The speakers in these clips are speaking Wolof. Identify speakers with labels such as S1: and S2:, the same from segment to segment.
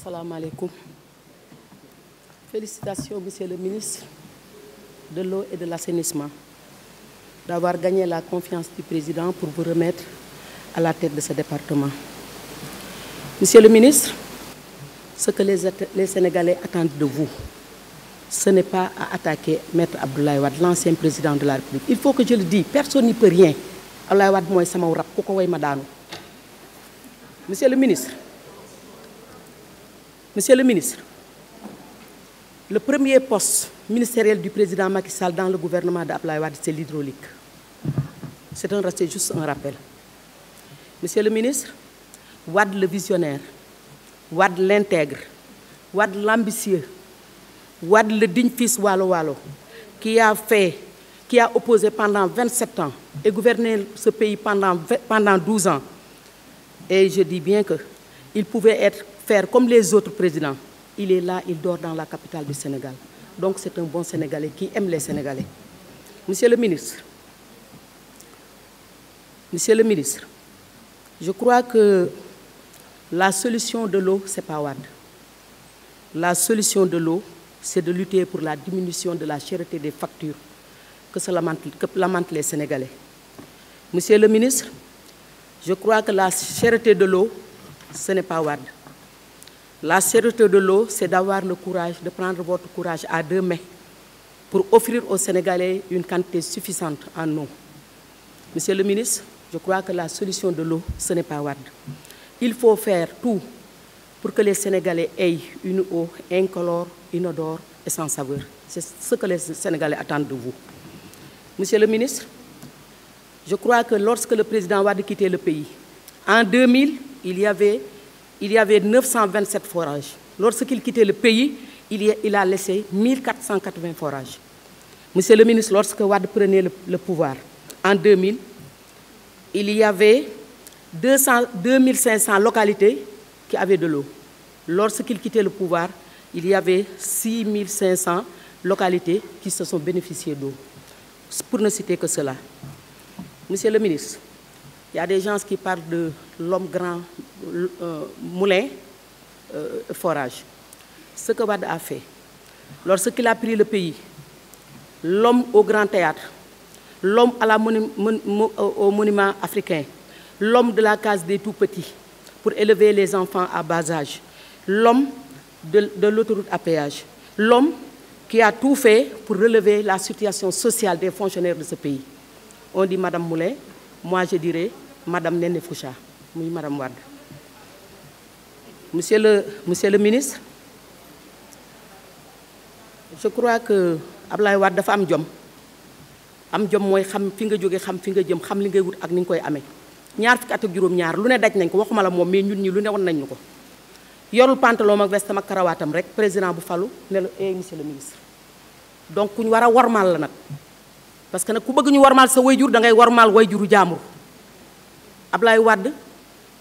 S1: asalaamaaleykum félicitations monsieur le ministre de l'eau et de l'assainissement d'avoir gagné la confiance du président pour vous remettre à la tête de ce département monsieur le ministre ce que les, les Sénégalais attendent de vous ce n'est pas à attaquer maître Abdoulaye Wade l'ancien président de la République il faut que je le dise personne n'y peut rien Abdoulaye Wade mooy sama rab ku ko way ma daanu monsieur le ministre Monsieur le ministre, le premier poste ministériel du président Macky Sall dans le gouvernement d'Abdoulaye Wade, c'est l'hydraulique. C'est un c'est juste un rappel. Monsieur le ministre, Wade le visionnaire, Wade l'intègre, Wade l'ambitieux, Wade le digne fils Walo Walo, qui a fait, qui pendant 27 ans et gouverné ce pays pendant, pendant 12 ans. Et je bien que il pouvait être faire comme les autres présidents. Il est là, il dort dans la capitale du Sénégal. Donc c'est un bon Sénégalais qui aime les Sénégalais. Monsieur le ministre, Monsieur le ministre, je crois que la solution de l'eau, c'est pas Wade. La solution de l'eau, c'est de lutter pour la diminution de la cherté des factures que se lamentent, que lamentent les Sénégalais. Monsieur le ministre, je crois que la cherté de l'eau, ce n'est pas Wade. La sécurité de l'eau, c'est d'avoir le courage, de prendre votre courage à deux mais pour offrir aux Sénégalais une quantité suffisante en eau. Monsieur le ministre, je crois que la solution de l'eau, ce n'est pas Wad. Il faut faire tout pour que les Sénégalais aient une eau incolore, inodore et sans saveur. C'est ce que les Sénégalais attendent de vous. Monsieur le ministre, je crois que lorsque le président Wade quittait le pays, en 2000, il y avait il y avait 927 forages. Lorsqu'il quittait le pays, il, y a, il a laissé 1480 forages. Monsieur le ministre, lorsque Wad prenait le, le, pouvoir en 2000, il y avait 200, 2500 localités qui avaient de l'eau. Lorsqu'il quittait le pouvoir, il y avait 6500 localités qui se sont bénéficiées d'eau. Pour ne citer que cela. Monsieur le ministre, il y a des gens qui parlent de l'homme grand Euh, moulin euh, forage ce que Wade à fait lorsqu'il la pris le pays l'homme au grand théâtre l'homme à la euh, au monument africain l'homme de la case des tout-petits pour élever les enfants à bas âge l'homme de, de l'autoroute à péage l'homme qui a tout fait pour relever la situation sociale des fonctionnaires de ce pays on dit Madame Moulin moi je dirais Madame Néné Foucha Madame Wade Monsieur le, Monsieur le ministre, je crois que Ablaye Wade dafa am jom am jom mooy xam fi nga jóge xam fi nga jëm xam li ngay wut ak ni nga koy amee ñaar fukki at ak juróom-ñaar lu ne daj nañ ko waxuma la moom mais ñun nii lu ne nañ ñu ko yorul pantalon ak vestam ak karawaatam rek président bu falu ne la eh le ministre donc ku ñu war a warmaal la nag parce que nag ku bëgg ñu warmaal sa wayjur da ngay warmaal wayjuru jaamur Ablaye Wade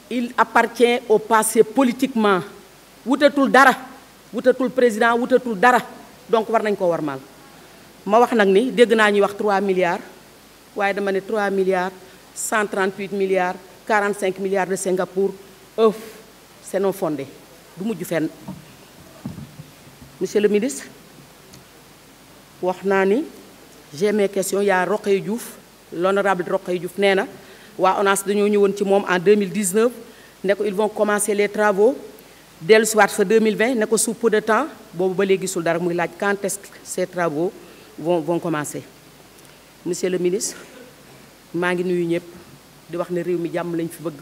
S1: il appartient au passé politiquement wutatul dara wutatul président wutatul dara donc war nañ ko war maal ma wax nag ni dégg naa ñuy wax 3 milliards waaye dama ne 3 milliards 138 milliards 45 milliards de Singapour œuf c'est non fondé du mujj fen monsieur le ministre wax naa ni j'ai mes questions yaa Rokhaya Diouf l'honorable Rokhaya Diouf nee na waa ONAS dañoo ñëwoon ci moom en 2019 ne ko ils vont commencer les travaux dellu si waat fa 2020 ne ko sous peu de temps boobu ba léegi gisul dara muy laaj quand est-ce que ces travaux vont commencer. monsieur le ministre maa ngi nuyu ñëpp di wax ne réew mi jàmm lañ fi bëgg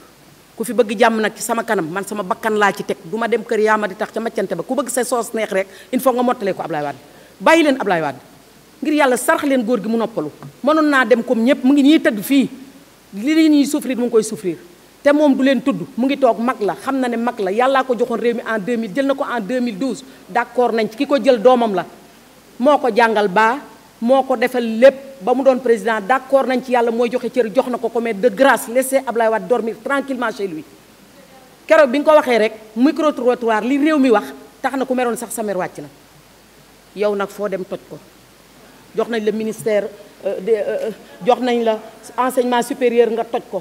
S1: ku fi bëgg jàmm nag ci sama kanam man sama bakkan laa ci teg du ma dem kër yaa ma di tax ca maccante ba ku bëgg sa soos neex rek il faut nga mottalee ko Ablaye Wade bàyyi leen Ablaye Wade ngir yàlla sarx leen góor gi mu noppalu mënoon fii. li li ñuy souffrir mu ngi koy souffrir te moom du leen tudd mu ngi toog mag la xam na ne mag la yàllaa ko joxoon réew mi en 2000 jël na ko en 2012 d'accord nañ ci ki ko jël doomam la moo ko jàngal baa moo ko defal lépp ba mu doon président d'accord nañ ci yàlla mooy joxe cër jox na ko ko de grâce laissez Ablaye Wade dormir tranquillement chez lui keroog bi nga ko waxee rek micro-trottoir li réew mi wax tax na ku meroon sax sa mer wàcc na yow nag foo dem toj ko jox nañ le ministère Euh, euh, euh, jox nañ la enseignement supérieur nga toj ko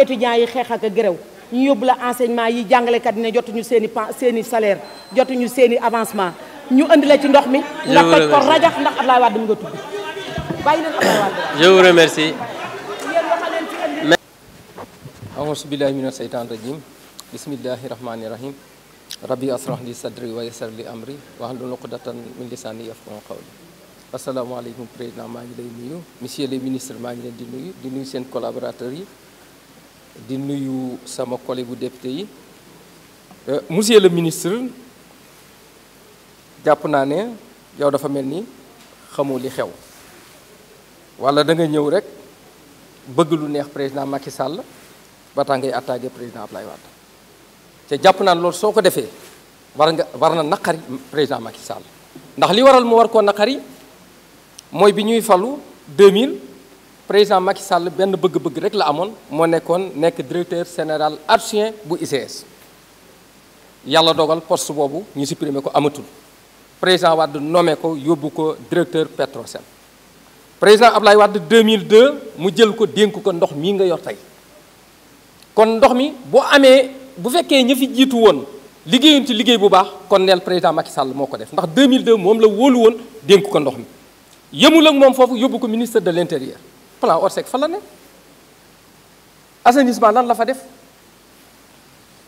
S1: étudiants yi xeex ak a gréw ñu yóbbu la enseignement yi jàngalekat yi ne jotuñu seen i pen seen i salaire jotuñu seeni avancement ñu indi la ci ndox mi. nga toj ko rajax ndax Ablaye Wade mu nga tudd bàyyi leen Ablaye Wade.
S2: je vous remercie. auzu billaahi mina seytaan rajim bismillaahi rahmaani rahim rabbi asrah li sadri wa yassir li amri wahlul uqdatan min lisaani yafqahu qawli asalaamaaleykum président maa ngi lay nuyu monsieur le ministre maa ngi leen di nuyu di nuyu seen collaborateurs yi di nuyu sama bu député yi euh, monsieur le ministre jàpp naa ne yow dafa mel ni xamoo li xew wala da nga ñëw rek bëgg lu neex président Macky sàll ba tax ngay attaqué président lay Wade te jàpp naa loolu soo ko defee war nga war na naqari président Macky Sall ndax li waral mu war koo naqari mooy bi ñuy falu 2000 président Macky Sall benn bëgg-bëgg rek la amoon moo nekkoon nekk directeur sénéral adjoint bu ICS yàlla dogal post boobu ñu supprimer ko amatul président Wade nommé ko yóbbu ko directeur Petrosen président Ablaye Wade 2002 mu jël ko dénk ko ndox mii nga yor tey kon ndox mi boo amee bu fekkee ña fi jiitu woon liggéeyuñ ci liggéey bu baax kon neel président Macky Sall moo ko def ndax 2002 moom la wóolu woon dénk ko ndox mi yëmul ak moom foofu yóbbu ko ministre de l'intérieur plan Orsec fa la ne assainissement lan la fa def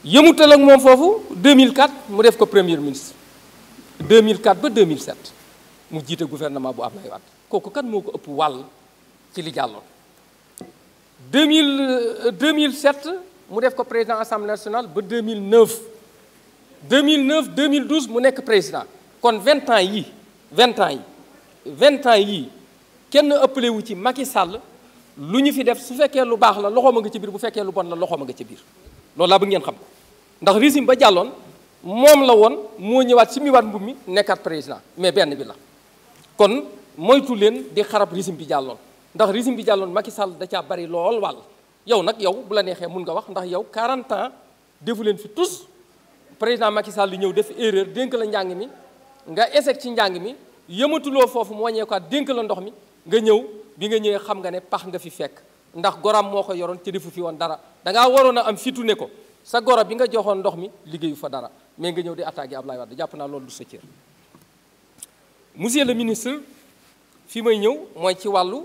S2: yëmutal ak moom foofu 2004 mu def ko premier ministre 2004 ba 2007 mu jiite gouvernement bu Ablaye Wade kooku kan moo ko ëpp wàll ci li jàlloon 2000 2007 euh, mu def ko président assemblée nationale ba 2009 2009 2012 mu nekk président kon 20 ans yi 20 ans yi vingt ans yii kenn ëppale wu ci Macky Sall lu ñu fi def su fekkee lu baax la loxoom a nga ci biir bu fekkee lu bon la loxoom a nga ci biir loolu laa bëgg ngeen xam ko ndax régime ba jàlloon moom la woon moo ñëwaat si miwaat mbub mi nekkaat président mais benn bi la kon moytu leen di xarab régime bi jàlloon ndax régime bi jàlloon Macky Sall da caa bari lool wàll yow nag yow bu la neexee mun nga wax ndax yow 40 ans defu leen fi tous président Macky Sall li ñëw def erreur dénk la njàng mi nga échec ci njàng mi yëmatuloo foofu mu wàññeekuwaat dénk la ndox mi nga ñëw bi nga ñëwee xam nga ne pax nga fi fekk ndax goram moo ko yoroon ci defu fi woon dara danga waroon a am fitu ne ko sa goro bi nga joxoon ndox mi liggéeyu fa dara mais nga ñëw di attaqué Ablaye Wade jàpp naa loolu du sa cër monsieur le ministre fi may ñëw mooy ci wàllu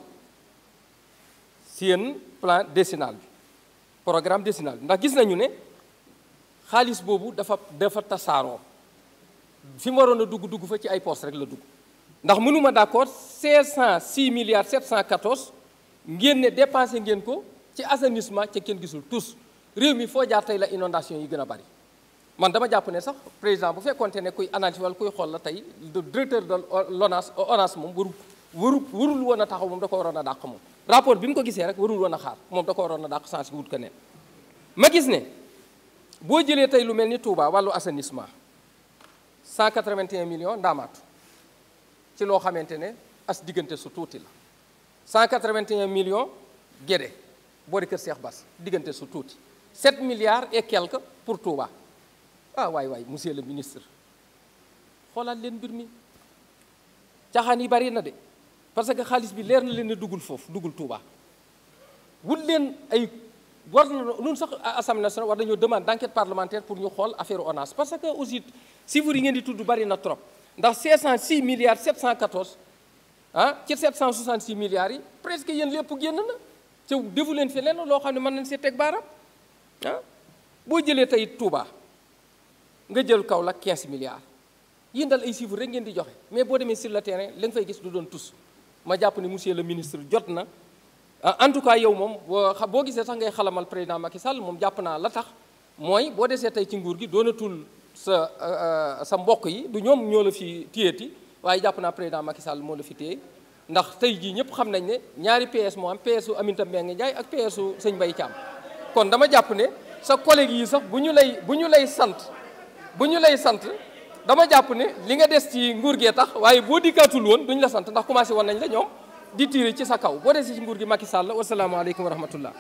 S2: seen plan décennal bi programme décennal bi ndax gis nañu ne xaalis boobu dafa dafa tasaaroo fi mu waroon a dugg dugg fa ci ay poste rek la dugg ndax mënuma d'accord 506 milliards 714 ngeen ne dépassé ngeen ko ci assainissement ci kenn gisul tous réew mi foo jaar tey la inondation yi gën a bari man dama jàpp ne sax président bu fekkoonte ne kuy analyse wala kuy xool la tey directeur de l'ONAS ONAS moom warul warul warul woon a taxaw moom da ko waroon a dàq moom rapport bi mu ko gisee rek warul woon a xaar moom da ko waroon a dàq sans wut ko neen ma gis ne boo jëlee tey lu mel ni Touba wàllu assainissement 181 millions ndaamaatu ci loo xamante ne as diggante su tuuti la 181 millions Guédé boori kër Cheikh Bass diggante su tuuti 7 milliards et quelques pour Touba ah waay waay monsieur le ministre xoolaat leen mbir mi caaxaan yi bari na de parce que xaalis bi leer na leen ne duggul foofu duggul Touba wut leen ay war na nun sax assemblée nationale war dañoo demande d'enquête parlementaire pour ñu xool affaire ONAS parce que aussi chiffres yi ngeen di tudd bari na trop ndax 506 milliards 714 ah ci 766 milliards yi presque yéen lépp génn na te defu leen fi lenn loo xam ne mën nañ see teg baaraam ah boo jëlee tey tuuba nga jël Kaolack 15 milliards yéen dal ay chiffres rek ngeen di joxe mais boo demee si le terrain la nga fay gis du doon tus ma jàpp ne monsieur le ministre jot na ah, en tout cas yow moom boo gisee sax ngay xalamal président Macky Sall moom jàpp naa la tax mooy boo desee tey ci nguur gi doonatul. Euh, euh, sa mbokk yi du ñoom ñoo la fi téyeeti waaye jàpp naa président Macky Sall moo la fi téye ndax tey jii ñëpp xam nañ ne ñaari PS moo am PS aminta Aminata Mbengue Ndiaye ak PS su Sëñ kon dama jàpp ne sa collègue yi sax bu ñu lay bu ñu lay sant bu ñu lay sant dama jàpp ne li nga des ci nguur gee tax waaye boo dikkaatul woon duñ la sant ndax commencé woon nañ la ñoom di tiire ci sa kaw boo desee ci nguur gi Macky Sall wasalaamaaleykum wa rahmatullah.